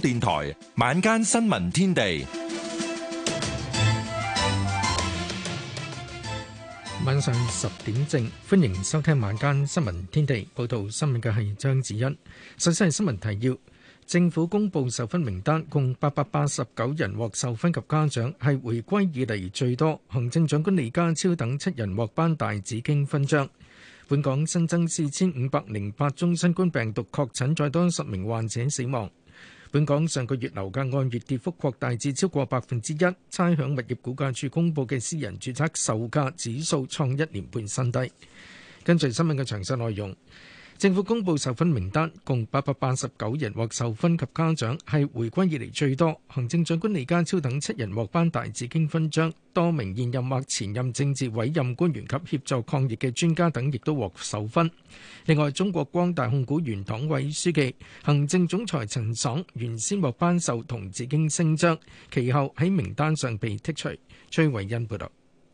電台晚間新聞天地，晚上十點正，歡迎收聽晚間新聞天地。報道新聞嘅係張子欣。首先係新聞提要：政府公佈授勳名單，共八百八十九人獲授勳及嘉獎，係回歸以嚟最多。行政長官李家超等七人獲頒大紫荊勳章。本港新增四千五百零八宗新冠病毒確診，再多十名患者死亡。本港上個月樓價按月跌幅擴大至超過百分之一，差餉物業估價署公佈嘅私人註冊售價指數創一年半新低。跟住新聞嘅詳細內容。政府公布授分名單共八百八十九人獲授分及家長，係回歸以嚟最多。行政長官李家超等七人獲頒大紫荊勳章，多名現任或前任政治委任官員及協助抗疫嘅專家等，亦都獲授分。另外，中國光大控股原黨委書記行政總裁陳爽原先獲頒授銅紫荊星章，其後喺名單上被剔除，崔慧欣報道。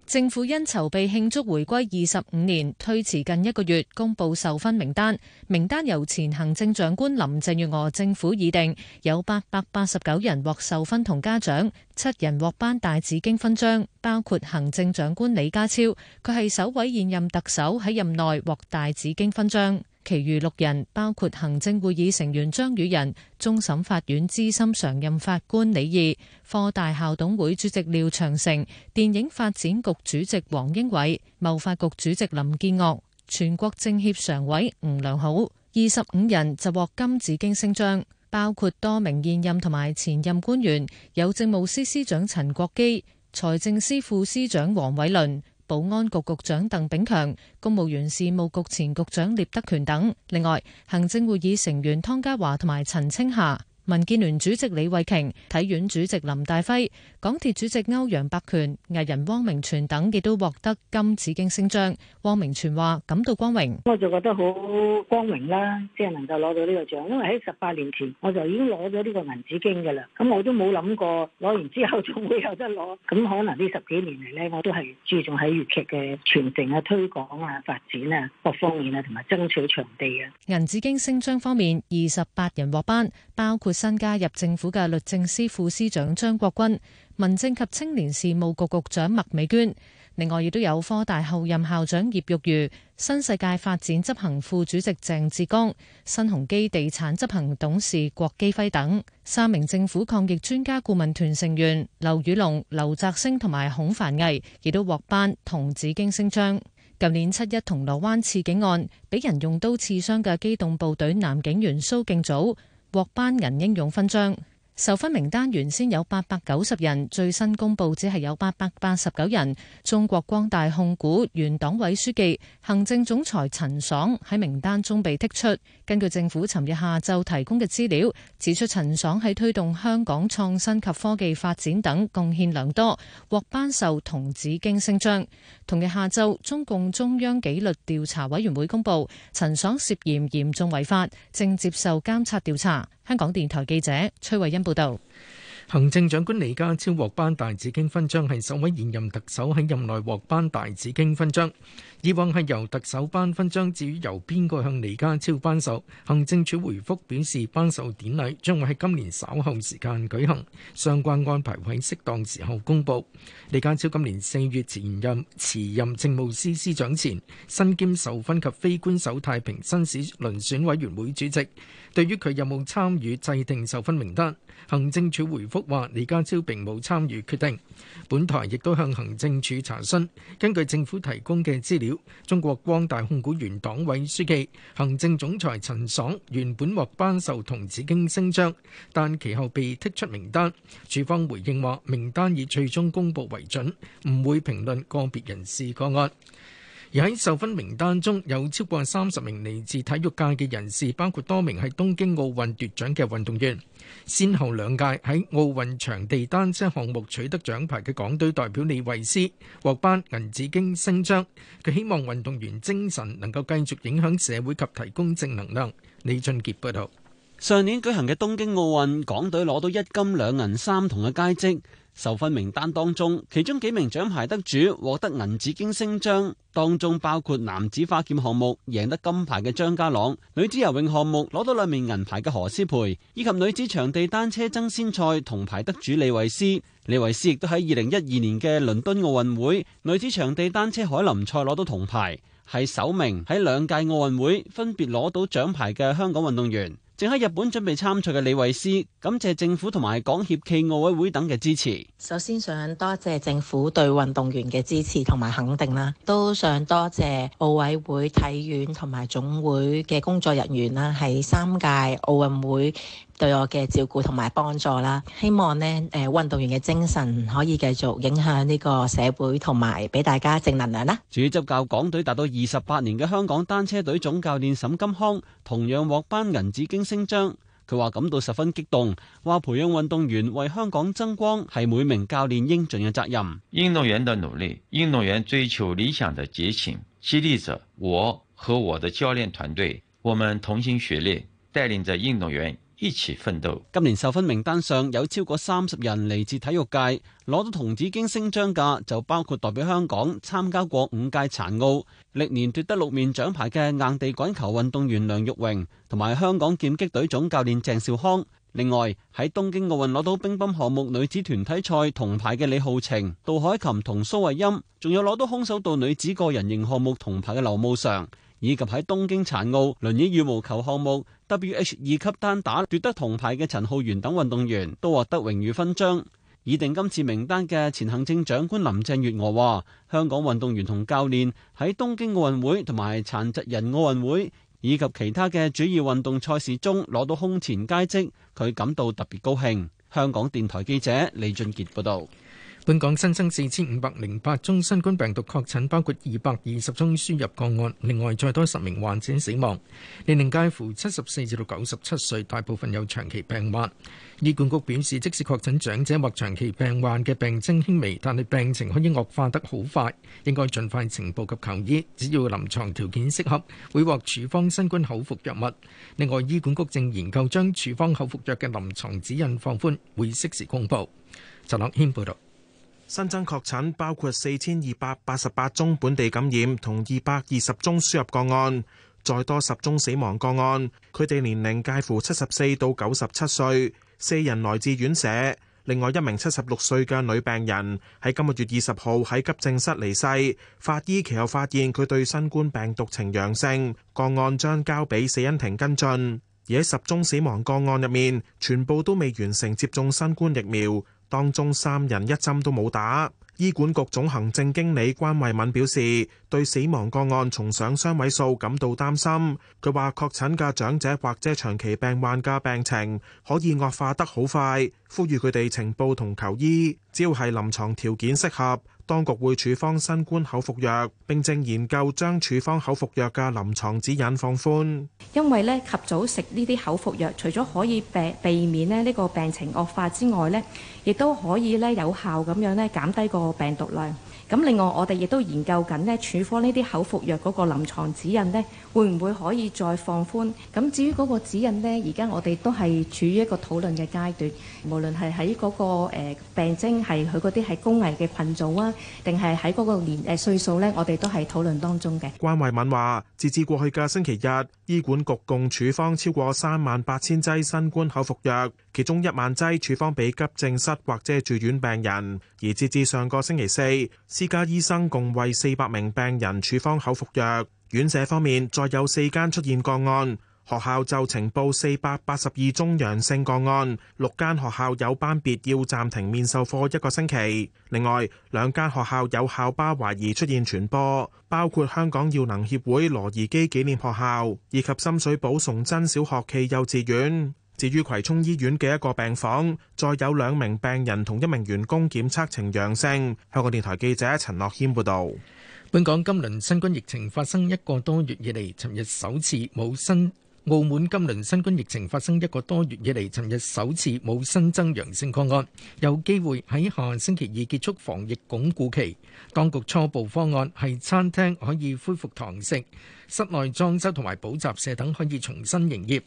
政府因籌備慶祝回歸二十五年，推遲近一個月公布授勳名單。名單由前行政長官林鄭月娥政府擬定，有八百八十九人獲授勳同嘉獎，七人獲頒大紫荊勳章，包括行政長官李家超，佢係首位現任特首喺任內獲大紫荊勳章。其餘六人包括行政會議成員張宇人、終審法院資深常任法官李義、科大校董會主席廖長成、電影發展局主席王英偉、貿發局主席林建岳、全國政協常委吳良好，二十五人就獲金紫荊星章，包括多名現任同埋前任官員，有政務司司長陳國基、財政司副司長黃偉綸。保安局局長鄧炳強、公務員事務局前局長聶德權等，另外行政會議成員湯家驊同埋陳清霞。民建聯主席李慧瓊、體院主席林大輝、港鐵主席歐陽伯權、藝人汪明荃等亦都獲得金紫荊星章。汪明荃話：感到光榮，我就覺得好光榮啦，即係能夠攞到呢個獎。因為喺十八年前我就已經攞咗呢個銀紫荊噶啦，咁我都冇諗過攞完之後仲會有得攞。咁可能呢十幾年嚟，呢，我都係注重喺粵劇嘅傳承啊、推廣啊、發展啊各方面啊，同埋爭取場地啊。銀紫荊星章方面，二十八人獲頒，包括。新加入政府嘅律政司副司長張國鈞、民政及青年事務局局長麥美娟，另外亦都有科大候任校長葉玉如、新世界發展執行副主席鄭志剛、新鴻基地產執行董事郭基輝等三名政府抗疫專家顧問團成員劉宇龍、劉澤星同埋孔凡毅，亦都獲頒銅紫荊星章。舊年七一銅鑼灣刺警案，俾人用刀刺傷嘅機動部隊男警員蘇敬祖獲頒銀英勇勳章。授勳名單原先有八百九十人，最新公布只係有八百八十九人。中國光大控股原黨委書記、行政總裁陳爽喺名單中被剔出。根據政府尋日下晝提供嘅資料，指出陳爽喺推動香港創新及科技發展等貢獻良多，獲頒授銅紫荊星章。同日下晝，中共中央紀律調查委員會公布，陳爽涉嫌嚴重違法，正接受監察調查。香港電台記者崔慧欣報道，行政長官李家超獲頒大紫荊勳章，係首位現任特首喺任內獲頒大紫荊勳章。以往係由特首頒勳章，至於由邊個向李家超頒授，行政處回覆表示，頒授典禮將會喺今年稍後時間舉行，相關安排會喺適當時候公布。李家超今年四月前任辭任政務司司長前，身兼受勳及非官守太平紳士遴選委員會主席。對於佢有冇參與制定授勳名單，行政署回覆話：李家超並冇參與決定。本台亦都向行政署查詢，根據政府提供嘅資料，中國光大控股原黨委書記、行政總裁陳爽原本獲頒授銅紫荊星章，但其後被剔出名單。署方回應話：名單以最終公佈為準，唔會評論個別人士個案。而喺授勳名單中有超過三十名嚟自體育界嘅人士，包括多名係東京奧運奪獎嘅運動員。先後兩屆喺奧運場地單車項目取得獎牌嘅港隊代表李慧詩獲頒銀紫荊星章。佢希望運動員精神能夠繼續影響社會及提供正能量。李俊傑報導。上年舉行嘅東京奧運，港隊攞到一金兩銀三銅嘅佳績。授勳名單當中，其中幾名獎牌得主獲得銀紫荊星章，當中包括男子花劍項目贏得金牌嘅張家朗，女子游泳項目攞到兩面銀牌嘅何詩蓓，以及女子場地單車爭先賽銅牌得主李慧詩。李慧詩亦都喺二零一二年嘅倫敦奧運會女子場地單車凱林賽攞到銅牌，係首名喺兩屆奧運會分別攞到獎牌嘅香港運動員。正喺日本準備參賽嘅李慧詩，感謝政府同埋港協暨奧委會等嘅支持。首先想多謝政府對運動員嘅支持同埋肯定啦，都想多謝奧委會、體院同埋總會嘅工作人員啦，喺三屆奧運會。對我嘅照顧同埋幫助啦，希望呢誒，運動員嘅精神可以繼續影響呢個社會同埋俾大家正能量啦。主執教港隊達到二十八年嘅香港單車隊總教練沈金康同樣獲頒銀紫荊星章，佢話感到十分激動，話培養運動員為香港爭光係每名教練應盡嘅責任。運動員的努力、運動員追求理想的激情，激勵着我和我的教練團隊，我們同心協力，帶領着運動員。堅持奮鬥。今年受勳名單上有超過三十人嚟自體育界，攞到銅紫荊星章嘅就包括代表香港參加過五屆殘奧、歷年奪得六面獎牌嘅硬地滾球運動員梁玉榮，同埋香港劍擊隊總教練鄭兆康。另外喺東京奧運攞到乒乓項目女子團體賽銅牌嘅李浩晴、杜海琴同蘇慧音，仲有攞到空手道女子個人型項目銅牌嘅劉慕裳。以及喺東京殘奧輪椅羽毛球項目 WH 二級單打奪得銅牌嘅陳浩源等運動員都獲得榮譽勳章。已定今次名單嘅前行政長官林鄭月娥話：香港運動員同教練喺東京奧運會同埋殘疾人奧運會以及其他嘅主要運動賽事中攞到空前佳績，佢感到特別高興。香港電台記者李俊傑報導。本港新增四千五百零八宗新冠病毒確診，包括二百二十宗輸入個案。另外，再多十名患者死亡，年齡介乎七十四至到九十七歲，大部分有長期病患。醫管局表示，即使確診長者或長期病患嘅病徵輕微，但係病情可以惡化得好快，應該盡快呈報及求醫，只要臨床條件適合，會獲處方新冠口服藥物。另外，醫管局正研究將處方口服藥嘅臨床指引放寬，會適時公布，陳樂軒報道。新增確診包括四千二百八十八宗本地感染同二百二十宗輸入個案，再多十宗死亡個案。佢哋年齡介乎七十四到九十七歲，四人來自院舍。另外一名七十六歲嘅女病人喺今個月二十號喺急症室離世，法醫其後發現佢對新冠病毒呈陽性，個案將交俾死因庭跟進。而喺十宗死亡個案入面，全部都未完成接種新冠疫苗。當中三人一針都冇打，醫管局總行政經理關慧敏表示，對死亡個案重上雙位數感到擔心。佢話確診嘅長者或者長期病患嘅病情可以惡化得好快，呼籲佢哋呈報同求醫，只要係臨牀條件適合。當局會處方新冠口服藥，並正研究將處方口服藥嘅臨床指引放寬。因為咧及早食呢啲口服藥，除咗可以避避免咧呢個病情惡化之外咧，亦都可以咧有效咁樣咧減低個病毒量。咁另外，我哋亦都研究緊呢處方呢啲口服藥嗰個臨床指引呢會唔會可以再放寬？咁至於嗰個指引呢，而家我哋都係處於一個討論嘅階段，無論係喺嗰個誒病徵，係佢嗰啲係高危嘅群組啊，定係喺嗰個年誒歲數呢，我哋都係討論當中嘅。關惠敏話，截至過去嘅星期日，醫管局共處方超過三萬八千劑新冠口服藥。其中一萬劑處方俾急症室或者住院病人，而截至上個星期四，私家醫生共為四百名病人處方口服藥。院舍方面再有四間出現個案，學校就呈報四百八十二宗陽性個案，六間學校有班別要暫停面授課一個星期。另外兩間學校有校巴懷疑出現傳播，包括香港耀能協會羅怡基紀念學校以及深水埗崇真小學暨幼稚園。至於葵涌醫院嘅一個病房，再有兩名病人同一名員工檢測呈陽性。香港電台記者陳樂謙報導。本港今輪新冠疫情發生一個多月以嚟，尋日首次冇新澳門今輪新冠疫情發生一個多月以嚟，尋日首次冇新增陽性個案，有機會喺下星期二結束防疫鞏固期。當局初步方案係餐廳可以恢復堂食，室內裝修同埋補習社等可以重新營業。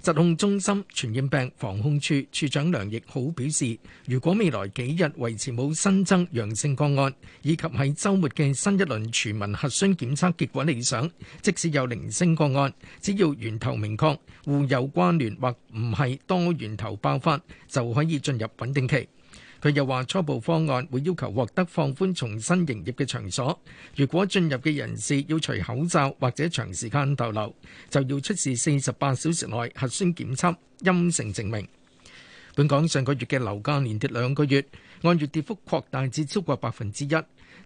疾控中心傳染病防控處處長梁亦好表示，如果未來幾日維持冇新增陽性個案，以及喺周末嘅新一輪全民核酸檢測結果理想，即使有零星個案，只要源頭明確互有關聯或唔係多源頭爆發，就可以進入穩定期。佢又話：初步方案會要求獲得放寬重新營業嘅場所，如果進入嘅人士要除口罩或者長時間逗留，就要出示四十八小時內核酸檢測陰性證明。本港上個月嘅樓價連跌兩個月，按月跌幅擴大至超過百分之一，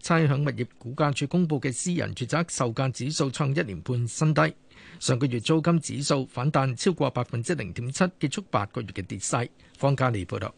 差餉物業估價署公佈嘅私人住宅售價指數創一年半新低。上個月租金指數反彈超過百分之零點七，結束八個月嘅跌勢。方家利報道。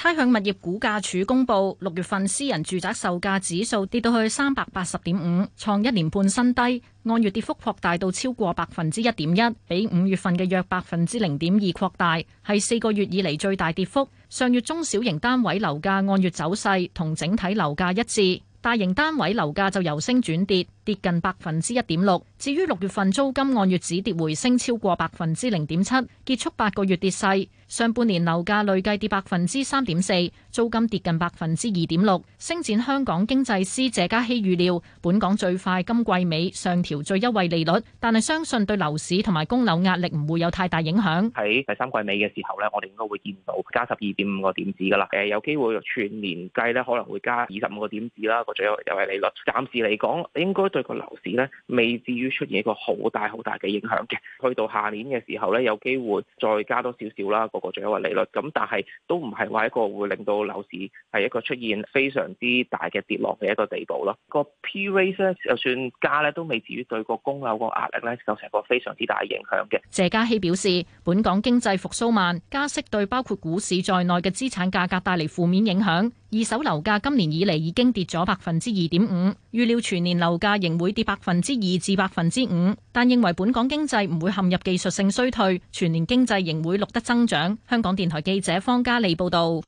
差餉物業估價署公布，六月份私人住宅售價指數跌到去三百八十點五，創一年半新低。按月跌幅擴大到超過百分之一點一，比五月份嘅約百分之零點二擴大，係四個月以嚟最大跌幅。上月中小型單位樓價按月走勢同整體樓價一致，大型單位樓價就由升轉跌。跌近百分之一點六。至於六月份租金按月止跌回升超過百分之零點七，結束八個月跌勢。上半年樓價累計跌百分之三點四，租金跌近百分之二點六。星展香港經濟師謝家熙預料，本港最快今季尾上調最優惠利率，但係相信對樓市同埋供樓壓力唔會有太大影響。喺第三季尾嘅時候呢，我哋應該會見到加十二點五個點子噶啦。誒，有機會全年計咧可能會加二十五個點子啦。個最優惠利率，暫時嚟講應該。一個樓市呢，未至於出現一個好大好大嘅影響嘅，去到下年嘅時候呢，有機會再加多少少啦，個個最高嘅利率。咁但係都唔係話一個會令到樓市係一個出現非常之大嘅跌落嘅一個地步咯。個 P rate 就算加呢，都未至於對個供樓個壓力呢構成一個非常之大嘅影響嘅。謝嘉熙表示，本港經濟復蘇慢，加息對包括股市在內嘅資產價格帶嚟負面影響。二手樓價今年以嚟已經跌咗百分之二點五，預料全年樓價。仍會跌百分之二至百分之五，但認為本港經濟唔會陷入技術性衰退，全年經濟仍會錄得增長。香港電台記者方嘉利報道。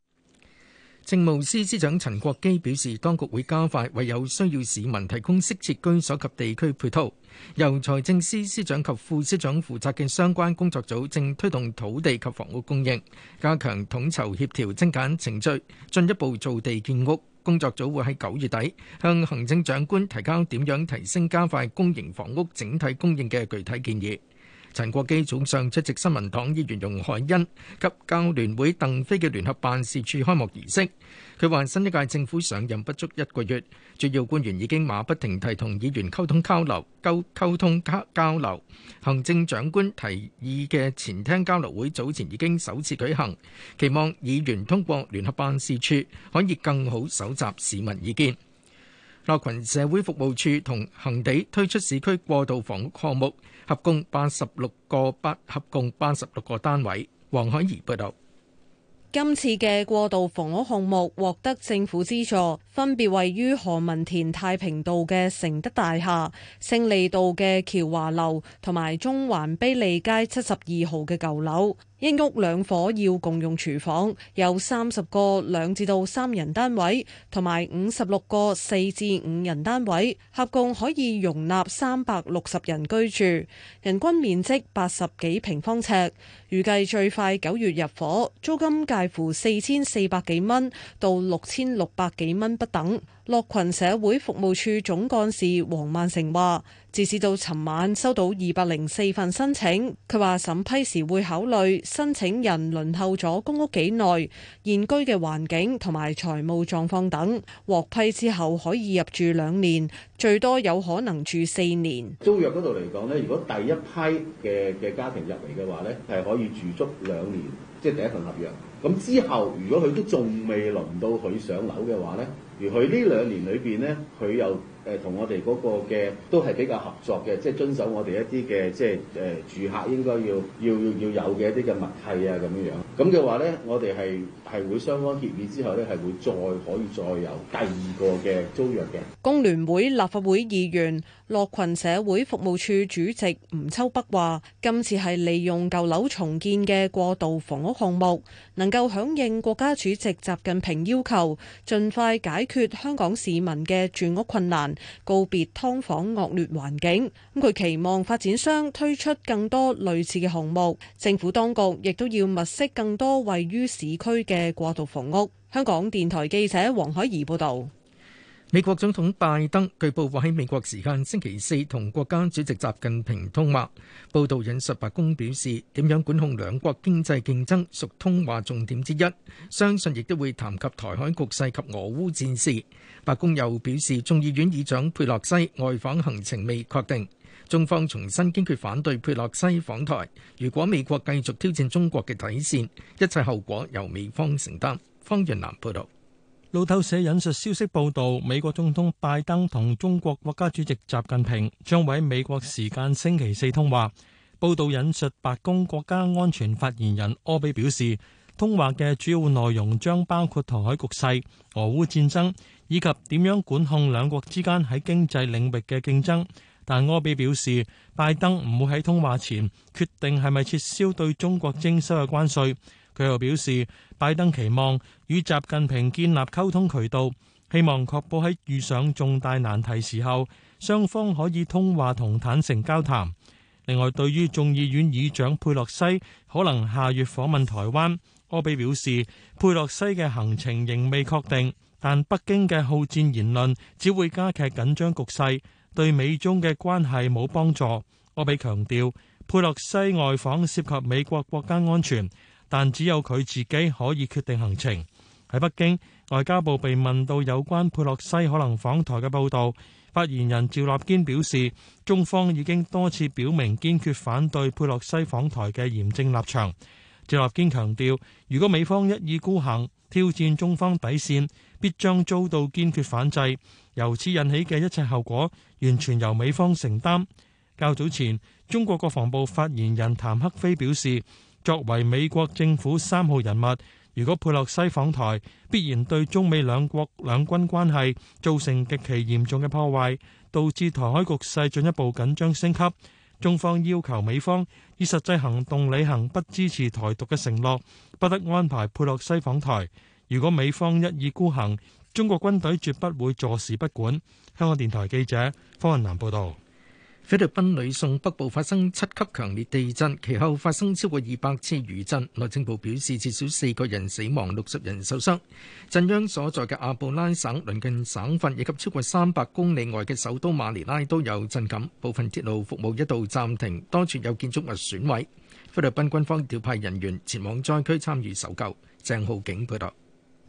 政務司司長陳國基表示，當局會加快為有需要市民提供適切居所及地區配套。由財政司司長及副司長負責嘅相關工作組正推動土地及房屋供應，加強統籌協調精簡程序，進一步造地建屋。工作組會喺九月底向行政長官提交點樣提升加快公營房屋整體供應嘅具體建議。陳國基早上出席新聞黨議員容海欣及教聯會鄧飛嘅聯合辦事處開幕儀式。佢話：新一屆政府上任不足一個月，主要官員已經馬不停蹄同議員溝通交流。溝溝通交交流，行政長官提議嘅前廳交流會早前已經首次舉行，期望議員通過聯合辦事處可以更好搜集市民意見。樂群社會服務處同行地推出市區過渡房屋項目。合共八十六個八，合共八十六個單位。黃海怡報導。今次嘅過渡房屋項目獲得政府資助，分別位於何文田太平道嘅誠德大廈、勝利道嘅橋華樓，同埋中環卑利街七十二號嘅舊樓。一屋兩伙要共用廚房，有三十個兩至到三人單位，同埋五十六個四至五人單位，合共可以容納三百六十人居住，人均面積八十幾平方尺，預計最快九月入伙，租金介乎四千四百幾蚊到六千六百幾蚊不等。樂群社會服務處總幹事黃萬成話，截至到尋晚收到二百零四份申請。佢話審批時會考慮申請人輪候咗公屋幾耐、現居嘅環境同埋財務狀況等。獲批之後可以入住兩年，最多有可能住四年。租約嗰度嚟講呢，如果第一批嘅嘅家庭入嚟嘅話呢，係可以住足兩年，即係第一份合約。咁之後如果佢都仲未輪到佢上樓嘅話呢。而佢呢兩年裏邊呢，佢又，同我哋嗰個嘅都係比較合作嘅，即係遵守我哋一啲嘅，即係誒、呃、住客應該要要要有嘅一啲嘅默契啊，咁樣樣，咁嘅話咧，我哋係係會雙方協議之後咧，係會再可以再有第二個嘅租約嘅。工聯會立法會議員、樂群社會服務處主席吳秋北話，今次係利用舊樓重建嘅過渡房屋項目，能夠響應國家主席習近平要求，盡快解決香港市民嘅住屋困難。告別劏房惡劣環境，咁佢期望發展商推出更多類似嘅項目，政府當局亦都要物色更多位於市區嘅過渡房屋。香港電台記者黃海怡報道。美國總統拜登據報話喺美國時間星期四同國家主席習近平通話。報道引述白宮表示，點樣管控兩國經濟競爭屬通話重點之一，相信亦都會談及台海局勢及俄烏戰事。白宮又表示，眾議院議長佩洛西外訪行程未確定，中方重新堅決反對佩洛西訪台。如果美國繼續挑戰中國嘅底線，一切後果由美方承擔。方潤南報道。路透社引述消息報道，美國總統拜登同中國國家主席習近平將會美國時間星期四通話。報道引述白宮國家安全發言人柯比表示，通話嘅主要內容將包括台海局勢、俄烏戰爭以及點樣管控兩國之間喺經濟領域嘅競爭，但柯比表示，拜登唔會喺通話前決定係咪撤銷對中國徵收嘅關稅。佢又表示，拜登期望與習近平建立溝通渠道，希望確保喺遇上重大難題時候，雙方可以通話同坦誠交談。另外，對於眾議院議長佩洛西可能下月訪問台灣，柯比表示，佩洛西嘅行程仍未確定，但北京嘅好戰言論只會加劇緊張局勢，對美中嘅關係冇幫助。柯比強調，佩洛西外訪涉及美國國家安全。但只有佢自己可以決定行程。喺北京，外交部被問到有關佩洛西可能訪台嘅報道，發言人趙立堅表示，中方已經多次表明堅決反對佩洛西訪台嘅嚴正立場。趙立堅強調，如果美方一意孤行，挑戰中方底線，必將遭到堅決反制，由此引起嘅一切後果完全由美方承擔。較早前，中國國防部發言人譚克非表示：作為美國政府三號人物，如果佩洛西訪台，必然對中美兩國兩軍關係造成極其嚴重嘅破壞，導致台海局勢進一步緊張升級。中方要求美方以實際行動履行不支持台獨嘅承諾，不得安排佩洛西訪台。如果美方一意孤行，中國軍隊絕不會坐視不管。香港電台記者方雲南報道。菲律賓呂宋北部發生七級強烈地震，其後發生超過二百次餘震。內政部表示，至少四個人死亡，六十人受傷。震央所在嘅阿布拉省鄰近省份以及超過三百公里外嘅首都馬尼拉都有震感，部分鐵路服務一度暫停，多處有建築物損毀。菲律賓軍方調派人員前往災區參與搜救。鄭浩景報導。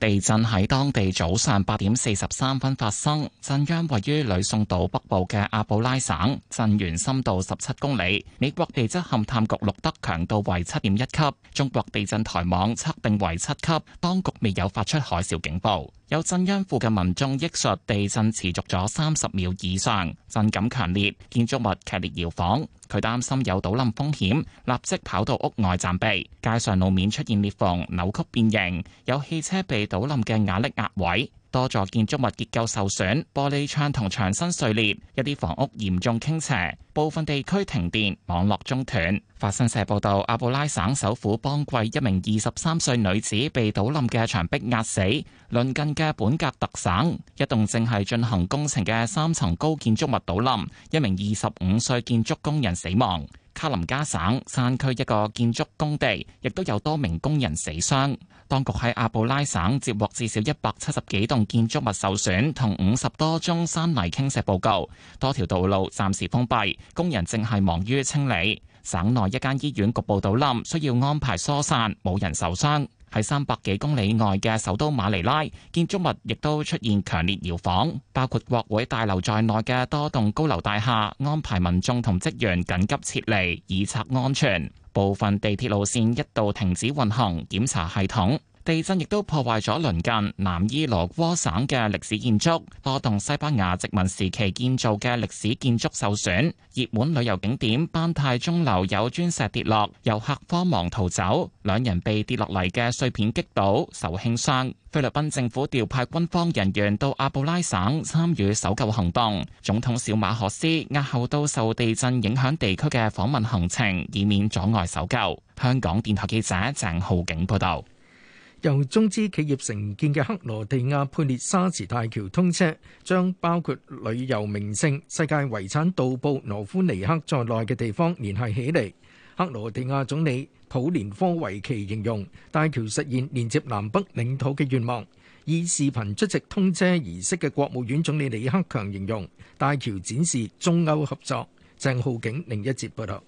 地震喺當地早上八點四十三分發生，震央位於呂宋島北部嘅阿布拉省，震源深度十七公里。美國地質勘探局錄得強度為七點一級，中國地震台網測定為七級。當局未有發出海嘯警報。有震央附近民眾憶述，地震持續咗三十秒以上，震感強烈，建築物劇烈搖晃。佢擔心有倒冧風險，立即跑到屋外暫避。街上路面出現裂縫、扭曲變形，有汽車被倒冧嘅壓力壓毀。多座建築物結構受損，玻璃窗同牆身碎裂，一啲房屋嚴重傾斜，部分地區停電、網絡中斷。法新社報導，阿布拉省首府邦貴一名二十三歲女子被倒冧嘅牆壁壓死。鄰近嘅本格特省，一棟正係進行工程嘅三層高建築物倒冧，一名二十五歲建築工人死亡。喀林加省山區一個建築工地，亦都有多名工人死傷。當局喺阿布拉省接獲至少一百七十幾棟建築物受損，同五十多宗山泥傾瀉報告，多條道路暫時封閉，工人正係忙於清理。省內一間醫院局部倒冧，需要安排疏散，冇人受傷。喺三百幾公里外嘅首都馬尼拉，建築物亦都出現強烈搖晃，包括國會大樓在內嘅多棟高樓大廈，安排民眾同職員緊急撤離以策安全。部分地鐵路線一度停止運行，檢查系統。地震亦都破壞咗鄰近南伊羅窩省嘅歷史建築，多棟西班牙殖民時期建造嘅歷史建築受損。熱門旅遊景點班泰鐘樓有磚石跌落，遊客慌忙逃走，兩人被跌落嚟嘅碎片擊倒，受輕傷。菲律賓政府調派軍方人員到阿布拉省參與搜救行動。總統小馬可斯押後到受地震影響地區嘅訪問行程，以免阻礙搜救。香港電台記者鄭浩景報道。由中資企業承建嘅克羅地亞佩列沙茨大橋通車，將包括旅遊名勝、世界遺產杜布羅夫尼克在內嘅地方連繫起嚟。克羅地亞總理普連科維奇形容大橋實現連接南北領土嘅願望。以視頻出席通車儀式嘅國務院總理李克強形容大橋展示中歐合作。鄭浩景另一節報道。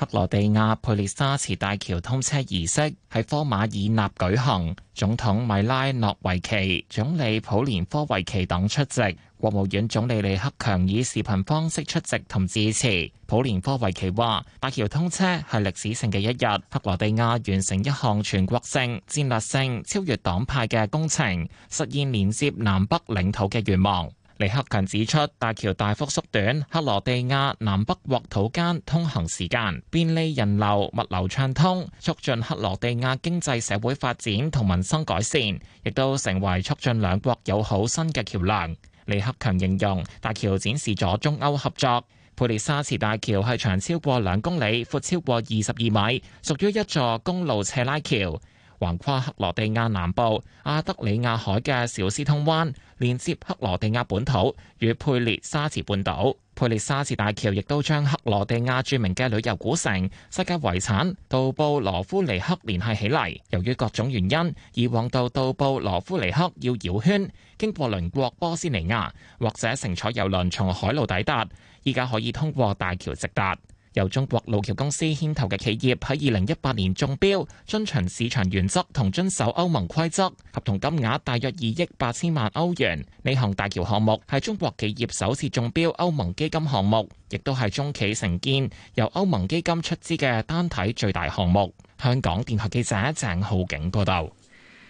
克羅地亞佩列沙茨大橋通車儀式喺科馬爾納舉行，總統米拉諾維奇、總理普連科維奇等出席，國務院總理李克強以視頻方式出席同致辭。普連科維奇話，大橋通車係歷史性嘅一日，克羅地亞完成一項全國性、戰略性、超越黨派嘅工程，實現連接南北領土嘅願望。李克強指出，大橋大幅縮短克羅地亞南北國土間通行時間，便利人流、物流暢通，促進克羅地亞經濟社會發展同民生改善，亦都成為促進兩國友好新嘅橋樑。李克強形容，大橋展示咗中歐合作。佩列沙茨大橋係長超過兩公里，闊超過二十二米，屬於一座公路斜拉橋。橫跨克羅地亞南部阿德里亞海嘅小斯通灣，連接克羅地亞本土與佩列沙茨半島。佩列沙茨大橋亦都將克羅地亞著名嘅旅遊古城、世界遺產杜布羅夫尼克聯繫起嚟。由於各種原因，以往到杜布羅夫尼克要繞圈，經過鄰國波斯尼亞，或者乘坐遊輪從海路抵達，依家可以通過大橋直達。由中國路橋公司牽頭嘅企業喺二零一八年中標，遵循市場原則同遵守歐盟規則，合同金額大約二億八千萬歐元。呢項大橋項目係中國企業首次中標歐盟基金項目，亦都係中企承建由歐盟基金出資嘅單體最大項目。香港電台記者鄭浩景報道。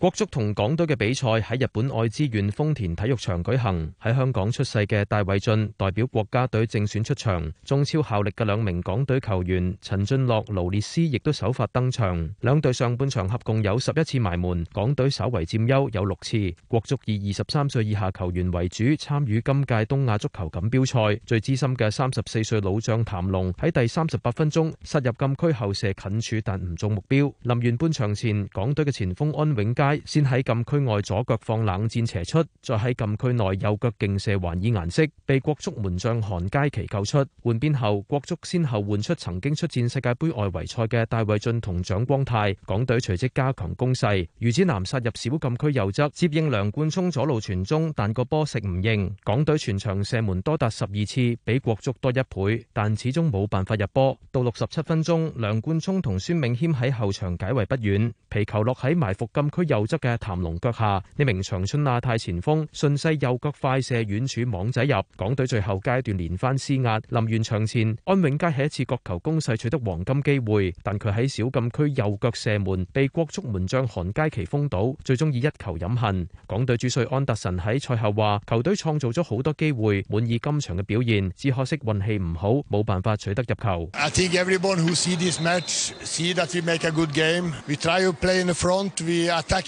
國足同港隊嘅比賽喺日本愛知縣豐田體育場舉行，喺香港出世嘅戴偉俊代表國家隊正選出場，中超效力嘅兩名港隊球員陳俊樂、勞烈斯亦都首發登場。兩隊上半場合共有十一次埋門，港隊稍為佔優有六次。國足以二十三歲以下球員為主參與今屆東亞足球錦標賽，最資深嘅三十四歲老將譚龍喺第三十八分鐘殺入禁區後射近柱但唔中目標。臨完半場前，港隊嘅前鋒安永佳。先喺禁區外左腳放冷箭斜出，再喺禁區內右腳勁射，還以顏色，被國足門將韓佳奇救出。換邊後，國足先後換出曾經出戰世界杯外圍賽嘅戴維俊同蔣光泰，港隊隨即加強攻勢。如子南殺入小禁區右側，接應梁冠聰左路傳中，但個波食唔應。港隊全場射門多達十二次，比國足多一倍，但始終冇辦法入波。到六十七分鐘，梁冠聰同孫銘謙喺後場解圍不遠，皮球落喺埋伏禁區右。右側嘅譚龍腳下，呢名長春亞泰前鋒順勢右腳快射遠處網仔入。港隊最後階段連番施壓，臨完場前安永佳喺一次角球攻勢取得黃金機會，但佢喺小禁區右腳射門被國足門將韓佳琪封堵，最終以一球飲恨。港隊主帥安達臣喺賽後話：球隊創造咗好多機會，滿意今場嘅表現，只可惜運氣唔好，冇辦法取得入球。I think everyone who see this match see that we make a good game. We try to play in the front. We attack.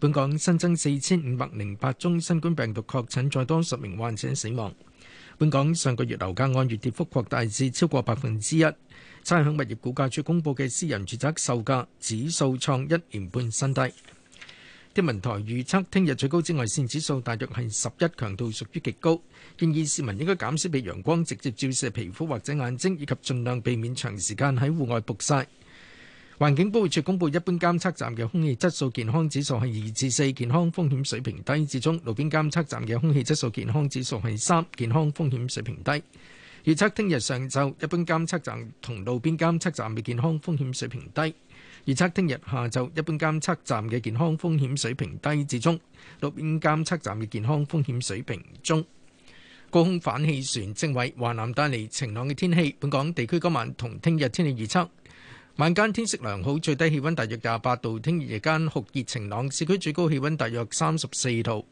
本港新增四千五百零八宗新冠病毒確診，再多十名患者死亡。本港上個月樓價按月跌幅擴大至超過百分之一。差餉物業估價署公布嘅私人住宅售價指數創一年半新低。天文台預測聽日最高紫外線指數大約係十一，強度屬於極高，建議市民應該減少被陽光直接照射皮膚或者眼睛，以及盡量避免長時間喺戶外曝曬。環境保護署公布一 4, 3, 測，一般監測站嘅空氣質素健康指數係二至四，健康風險水平低至中；路邊監測站嘅空氣質素健康指數係三，健康風險水平低。預測聽日上晝，一般監測站同路邊監測站嘅健康風險水平低；預測聽日下晝，一般監測站嘅健康風險水平低至中；路邊監測站嘅健康風險水平中。高空反氣旋正為，華南帶嚟晴朗嘅天氣。本港地區今晚同聽日天氣預測。晚間天色良好，最低氣溫大約廿八度。聽日夜間酷熱晴朗，市區最高氣溫大約三十四度，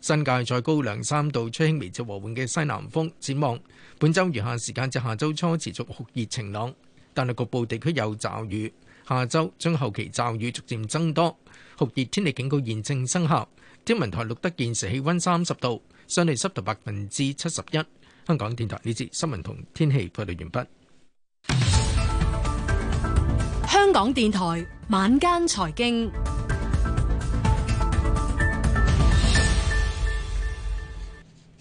新界再高兩三度。吹輕微至和緩嘅西南風。展望本周餘下時間至下周初持續酷熱晴朗，但係局部地區有驟雨。下周將後期驟雨逐漸增多。酷熱天氣警告現正生效。天文台錄得現時氣溫三十度，相對濕度百分之七十一。香港電台呢節新聞同天氣報道完畢。香港電台晚間財經，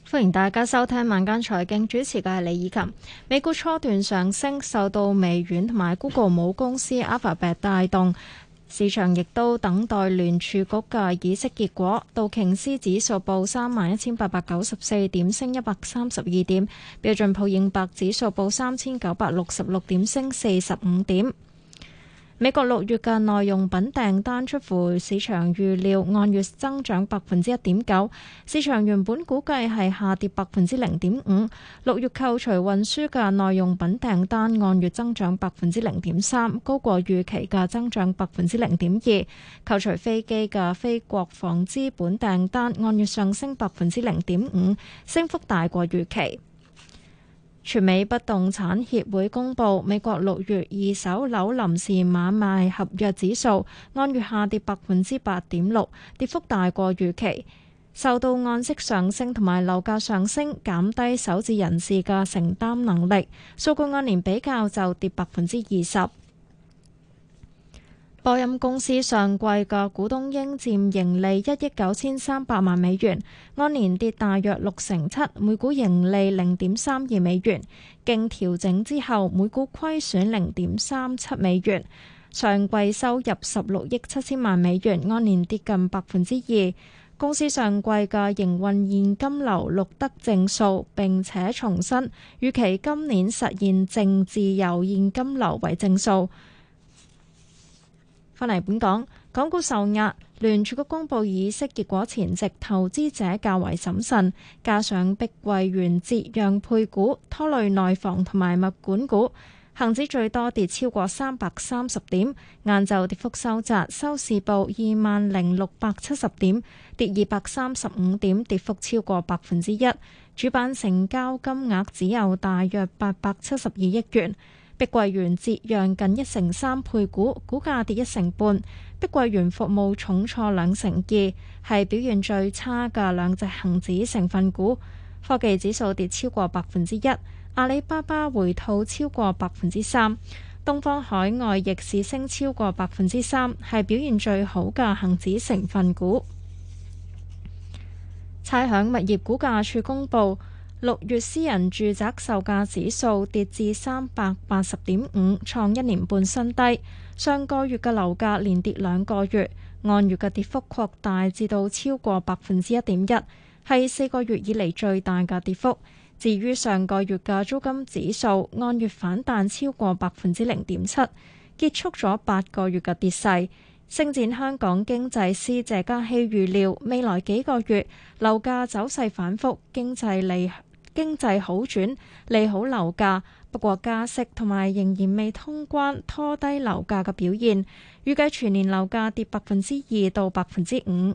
歡迎大家收聽晚間財經。主持嘅係李以琴。美股初段上升，受到微軟同埋 Google 母公司 Alphabet 帶動，市場亦都等待聯儲局嘅議息結果。道瓊斯指數報三萬一千八百九十四點，升一百三十二點；標準普爾五百指數報三千九百六十六點，升四十五點。美國六月嘅耐用品訂單出乎市場預料，按月增長百分之一點九。市場原本估計係下跌百分之零點五。六月扣除運輸嘅耐用品訂單按月增長百分之零點三，高過預期嘅增長百分之零點二。扣除飛機嘅非國防資本訂單按月上升百分之零點五，升幅大過預期。全美不動產協會公佈美國六月二手樓臨時買賣合約指數按月下跌百分之八點六，跌幅大過預期。受到按息上升同埋樓價上升減低首置人士嘅承擔能力，數據按年比較就跌百分之二十。波音公司上季嘅股東應占盈利一億九千三百萬美元，按年跌大約六成七，每股盈利零點三二美元，經調整之後每股虧損零點三七美元。上季收入十六億七千萬美元，按年跌近百分之二。公司上季嘅營運現金流錄得正數，並且重申預期今年實現淨自由現金流為正數。翻嚟本港，港股受壓，聯儲局公布議息結果前夕，投資者較為審慎，加上碧桂園節讓配股拖累內房同埋物管股，恒指最多跌超過三百三十點，晏晝跌幅收窄，收市報二萬零六百七十點，跌二百三十五點，跌幅超過百分之一。主板成交金額只有大約八百七十二億元。碧桂園折讓近一成三配股，股價跌一成半。碧桂園服務重挫兩成二，係表現最差嘅兩隻恒指成分股。科技指數跌超過百分之一，阿里巴巴回吐超過百分之三，東方海外逆市升超過百分之三，係表現最好嘅恒指成分股。差餉物業估價署公布。六月私人住宅售價指數跌至三百八十點五，創一年半新低。上個月嘅樓價連跌兩個月，按月嘅跌幅擴大至到超過百分之一點一，係四個月以嚟最大嘅跌幅。至於上個月嘅租金指數按月反彈超過百分之零點七，結束咗八個月嘅跌勢。星展香港經濟師謝家曦預料，未來幾個月樓價走勢反覆，經濟利。經濟好轉，利好樓價，不過加息同埋仍然未通關拖低樓價嘅表現，預計全年樓價跌百分之二到百分之五。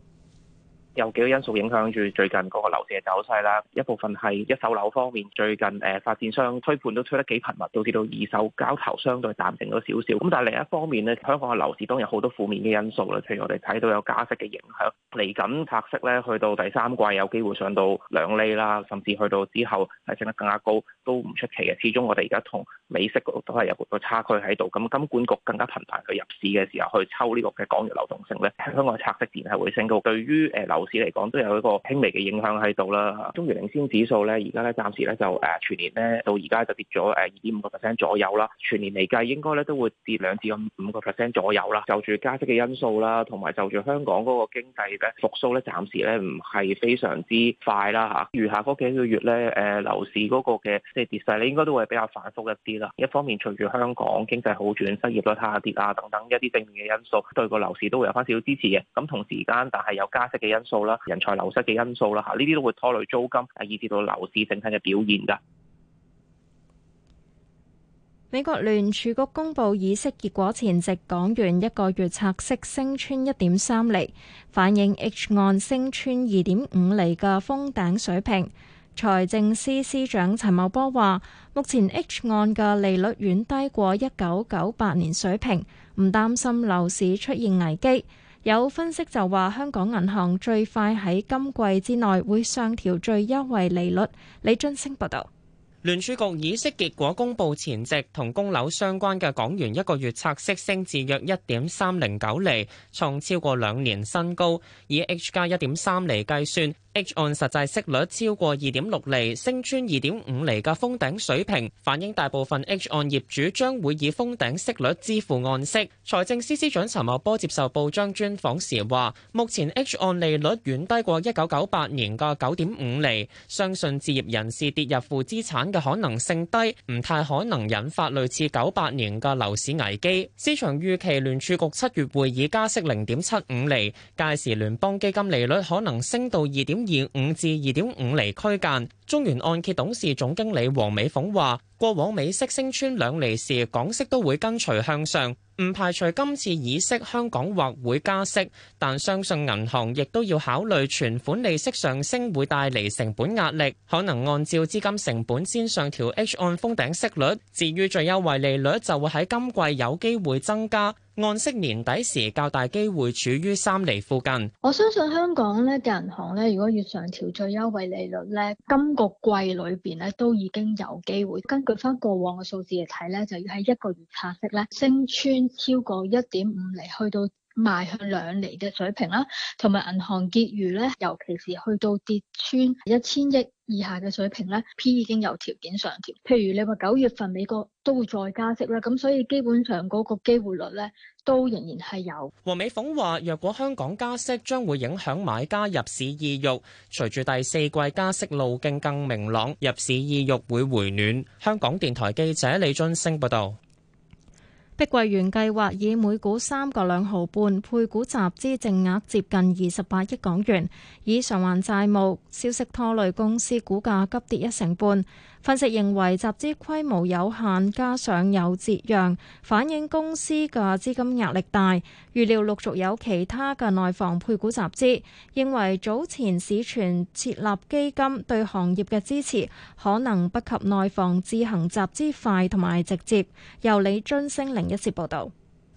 有幾個因素影響住最近嗰個樓市嘅走勢啦，一部分係一手樓方面，最近誒發展商推盤都推得幾頻密，導致到二手交投相對淡靜咗少少。咁但係另一方面咧，香港嘅樓市當然有好多負面嘅因素啦，譬如我哋睇到有加息嘅影響，嚟緊拆息呢，去到第三季有機會上到兩厘啦，甚至去到之後係升得更加高都唔出奇嘅。始終我哋而家同美息嗰度都係有個差距喺度，咁金管局更加頻繁去入市嘅時候去抽呢個嘅港元流動性呢，香港嘅拆息自然係會升高。對於誒樓，呃樓市嚟講都有一個輕微嘅影響喺度啦。中原領先指數咧，而家咧暫時咧就誒全年咧到而家就跌咗誒二點五個 percent 左右啦。全年嚟計應該咧都會跌兩至五個 percent 左右啦。就住加息嘅因素啦，同埋就住香港嗰個經濟嘅復蘇咧，暫時咧唔係非常之快啦吓。餘下嗰幾個月咧，誒樓市嗰個嘅即係跌勢咧，應該都會比較反復一啲啦。一方面隨住香港經濟好轉、失業率下跌啊等等一啲正面嘅因素，對個樓市都會有翻少少支持嘅。咁同時間但係有加息嘅因素。數啦，人才流失嘅因素啦，吓呢啲都會拖累租金，以致到樓市整體嘅表現噶。美國聯儲局公布議息結果前夕，港元一個月拆息升穿一點三釐，反映 H 按升穿二點五釐嘅封頂水平。財政司司長陳茂波話，目前 H 按嘅利率遠低過一九九八年水平，唔擔心樓市出現危機。有分析就話，香港銀行最快喺今季之內會上調最優惠利率。李俊升報道，聯儲局議息結果公布前夕，同供樓相關嘅港元一個月拆息升至約一點三零九厘，創超過兩年新高，以 H 加一點三釐計算。H 按實際息率超過二點六厘，升穿二點五厘嘅封頂水平，反映大部分 H 按業主將會以封頂息率支付按息。財政司司長陳茂波接受報章專訪時話，目前 H 按利率遠低過一九九八年嘅九點五厘，相信置業人士跌入負資產嘅可能性低，唔太可能引發類似九八年嘅樓市危機。市場預期聯儲局七月會議加息零點七五厘，屆時聯邦基金利率可能升到二點。二五至二點五厘區間，中原按揭董事總經理黃美鳳話：過往美息升穿兩厘時，港息都會跟隨向上，唔排除今次議息香港或會加息，但相信銀行亦都要考慮存款利息上升會帶嚟成本壓力，可能按照資金成本先上調 H 按封頂息率，至於最優惠利率就會喺今季有機會增加。按息年底時較大機會處於三厘附近，我相信香港咧嘅銀行咧，如果要上調最優惠利率咧，今個季裏邊咧都已經有機會。根據翻過往嘅數字嚟睇咧，就要喺一個月拆息咧升穿超過一點五厘，去到。邁向兩厘嘅水平啦，同埋銀行結餘咧，尤其是去到跌穿一千億以下嘅水平咧，P 已經有條件上調。譬如你話九月份美國都會再加息啦，咁所以基本上嗰個機會率咧都仍然係有。黃美鳳話：若果香港加息，將會影響買家入市意欲。隨住第四季加息路徑更明朗，入市意欲會回暖。香港電台記者李俊升報道。碧桂園計劃以每股三個兩毫半配股集資淨額接近二十八億港元，以償還債務。消息拖累公司股價急跌一成半。分析認為集資規模有限，加上有折讓，反映公司嘅資金壓力大。預料陸續有其他嘅內房配股集資。認為早前市傳設立基金對行業嘅支持，可能不及內房自行集資快同埋直接。由李津星另一節報導。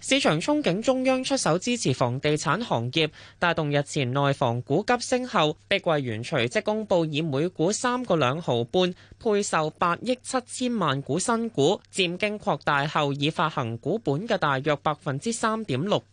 市場憧憬中央出手支持房地產行業，帶動日前內房股急升後，碧桂園隨即公佈以每股三個兩毫半配售八億七千萬股新股，佔經擴大後已發行股本嘅大約百分之三點六二，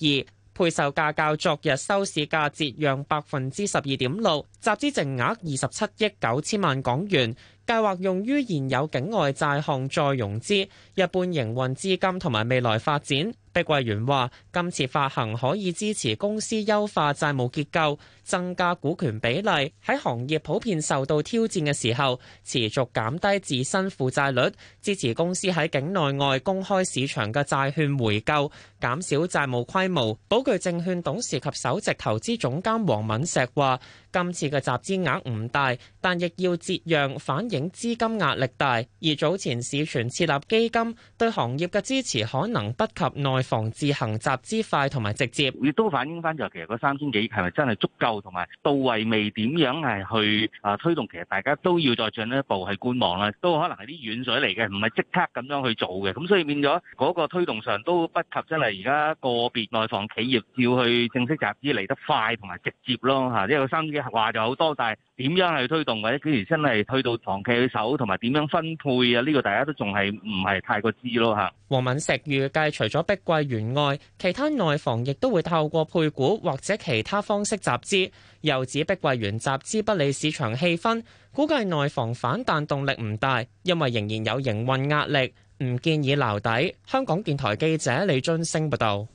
配售價較昨日收市價折讓百分之十二點六，集資淨額二十七億九千萬港元，計劃用於現有境外債項再融資、日半營運資金同埋未來發展。碧桂園話今次發行可以支持公司優化債務結構，增加股權比例，喺行業普遍受到挑戰嘅時候，持續減低自身負債率，支持公司喺境內外公開市場嘅債券回購，減少債務規模。保具證券董事及首席投資總監黃敏石話：今次嘅集資額唔大，但亦要折讓，反映資金壓力大，而早前市傳設立基金，對行業嘅支持可能不及內，防治行集資快同埋直接，亦都反映翻就其實嗰三千幾係咪真係足夠同埋到位未？點樣係去啊推動，其實大家都要再進一步去觀望啦，都可能係啲遠水嚟嘅，唔係即刻咁樣去做嘅。咁所以變咗嗰個推動上都不及真係而家個別內房企業要去正式集資嚟得快同埋直接咯吓，因為三千幾話就好多，但係點樣去推動或者幾時真係推到房企去手，同埋點樣分配啊？呢、這個大家都仲係唔係太過知咯吓。黃敏石預計除咗逼。貴員外，其他內房亦都會透過配股，或者其他方式集資。又指碧桂園集資，不利市場氣氛，估計內房反彈動力唔大，因為仍然有營運壓力，唔建議撈底。香港電台記者李津升報道。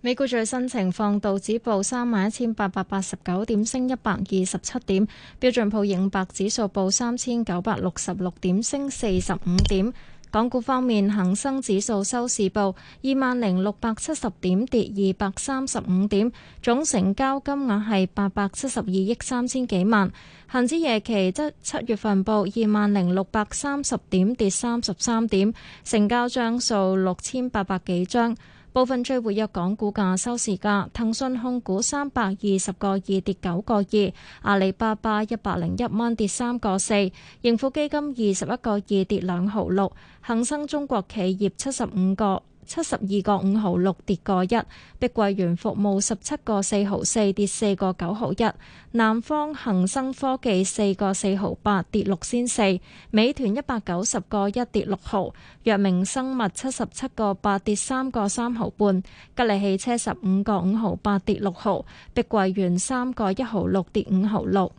美股最新情況，道指報三萬一千八百八十九點，升一百二十七點；標準普爾五百指數報三千九百六十六點，升四十五點。港股方面，恒生指數收市報二萬零六百七十點跌二百三十五點，總成交金額係八百七十二億三千幾萬。恒指夜期則七月份報二萬零六百三十點跌三十三點，成交張數六千八百幾張。部分最活躍港股價收市價，騰訊控股三百二十個二跌九個二，阿里巴巴一百零一蚊跌三個四，盈富基金二十一個二跌兩毫六，恆生中國企業七十五個。七十二個五毫六跌過一，碧桂園服務十七個四毫四跌四個九毫一，南方恒生科技四個四毫八跌六仙四，美團一百九十個一跌六毫，藥明生物七十七個八跌三個三毫半，吉利汽車十五個五毫八跌六毫，碧桂園三個一毫六跌五毫六。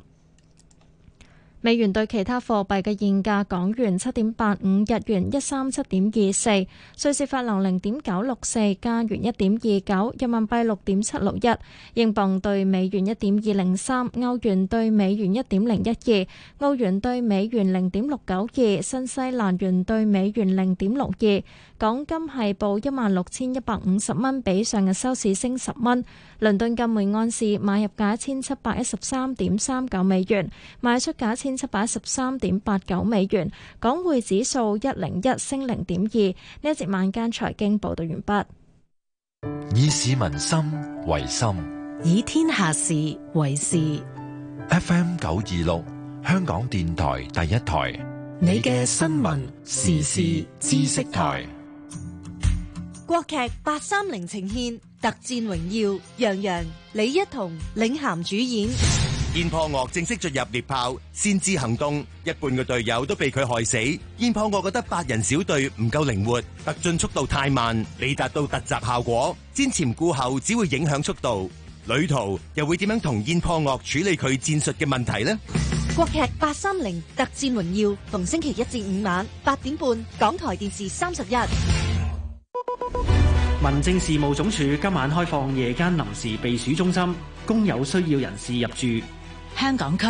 美元對其他貨幣嘅現價：港元七點八五，日元一三七點二四，瑞士法郎零點九六四，加元一點二九，人民幣六點七六一，英鎊對美元一點二零三，歐元對美元一點零一二，澳元對美元零點六九二，新西蘭元對美元零點六二。港金係報一萬六千一百五十蚊，比上日收市升十蚊。倫敦金每盎司買入價一千七百一十三點三九美元，賣出價錢，千七百一十三點八九美元，港匯指數一零一升零點二。呢一節晚間財經報道完畢。以市民心為心，以天下事為事。FM 九二六，香港電台第一台。你嘅新聞時事知識台。國劇八三零呈現《特戰榮耀》，楊洋、李一桐領銜主演。燕破嶽正式進入獵豹先知行動，一半嘅隊友都被佢害死。燕破嶽覺得八人小隊唔夠靈活，突進速度太慢，未達到突襲效果。瞻前顧後只會影響速度，旅途又會點樣同燕破嶽處理佢戰術嘅問題呢？國劇八三零特戰榮耀，逢星期一至五晚八點半，港台電視三十一。民政事務總署今晚開放夜間臨時避暑中心，供有需要人士入住。香港區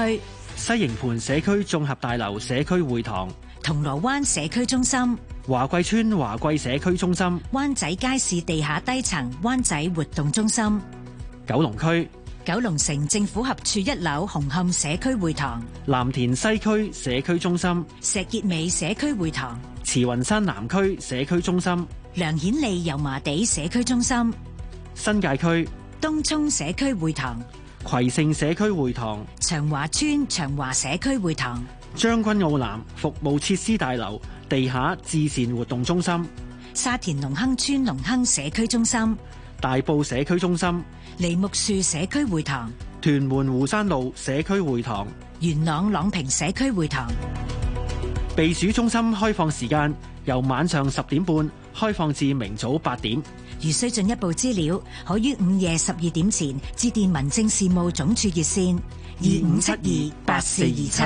西營盤社區綜合大樓社區會堂、銅鑼灣社區中心、華貴村華貴社區中心、灣仔街市地下低層灣仔活動中心、九龍區九龍城政府合署一樓紅磡社區會堂、藍田西區社區中心、石硤尾社區會堂、慈雲山南區社區中心、梁顯利油麻地社區中心、新界區東涌社區會堂。葵盛社區會堂、長華村長華社區會堂、將軍澳南服務設施大樓地下自善活動中心、沙田隆亨村隆亨社區中心、大埔社區中心、梨木樹社區會堂、屯門湖山路社區會堂、元朗朗屏社區會堂。避暑中心開放時間由晚上十點半開放至明早八點。如需進一步資料，可於午夜十二點前致電民政事務總署熱線二五七二八四二七。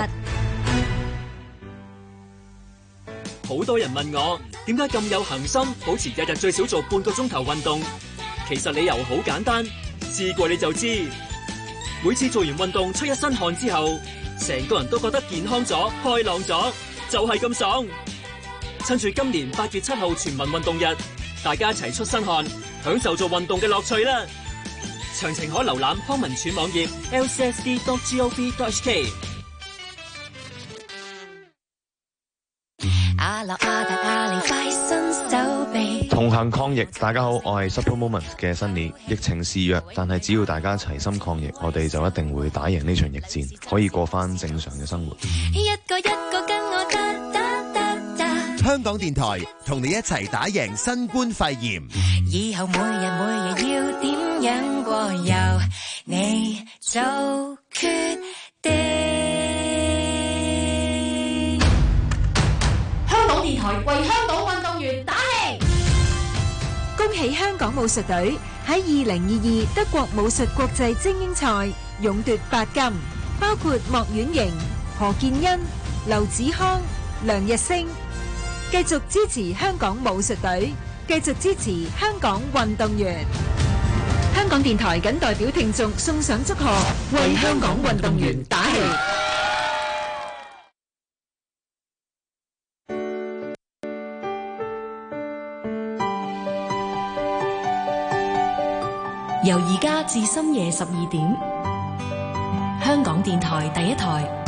好多人問我點解咁有恒心，保持日日最少做半個鐘頭運動。其實理由好簡單，試過你就知。每次做完運動出一身汗之後，成個人都覺得健康咗、開朗咗，就係咁爽。趁住今年八月七號全民運動日，大家一齊出身汗，享受做運動嘅樂趣啦！詳情可瀏覽康文署網頁 lcsd.gov.hk。同行抗疫，大家好，我係 Super Moment 嘅新年。疫情肆虐，但係只要大家齊心抗疫，我哋就一定會打贏呢場疫戰，可以過返正常嘅生活。一個一個跟。香港電台同你一齊打贏新冠肺炎。以後每日每日要點樣過，由你做決定。香港電台為香港運動員打氣，恭喜香港武術隊喺二零二二德國武術國際精英賽勇奪八金，包括莫婉瑩、何建欣、劉子康、梁日升。繼續支持香港武術隊，繼續支持香港運動員。香港電台謹代表聽眾送上祝賀，為香港運動員打氣。由而家至深夜十二點，香港電台第一台。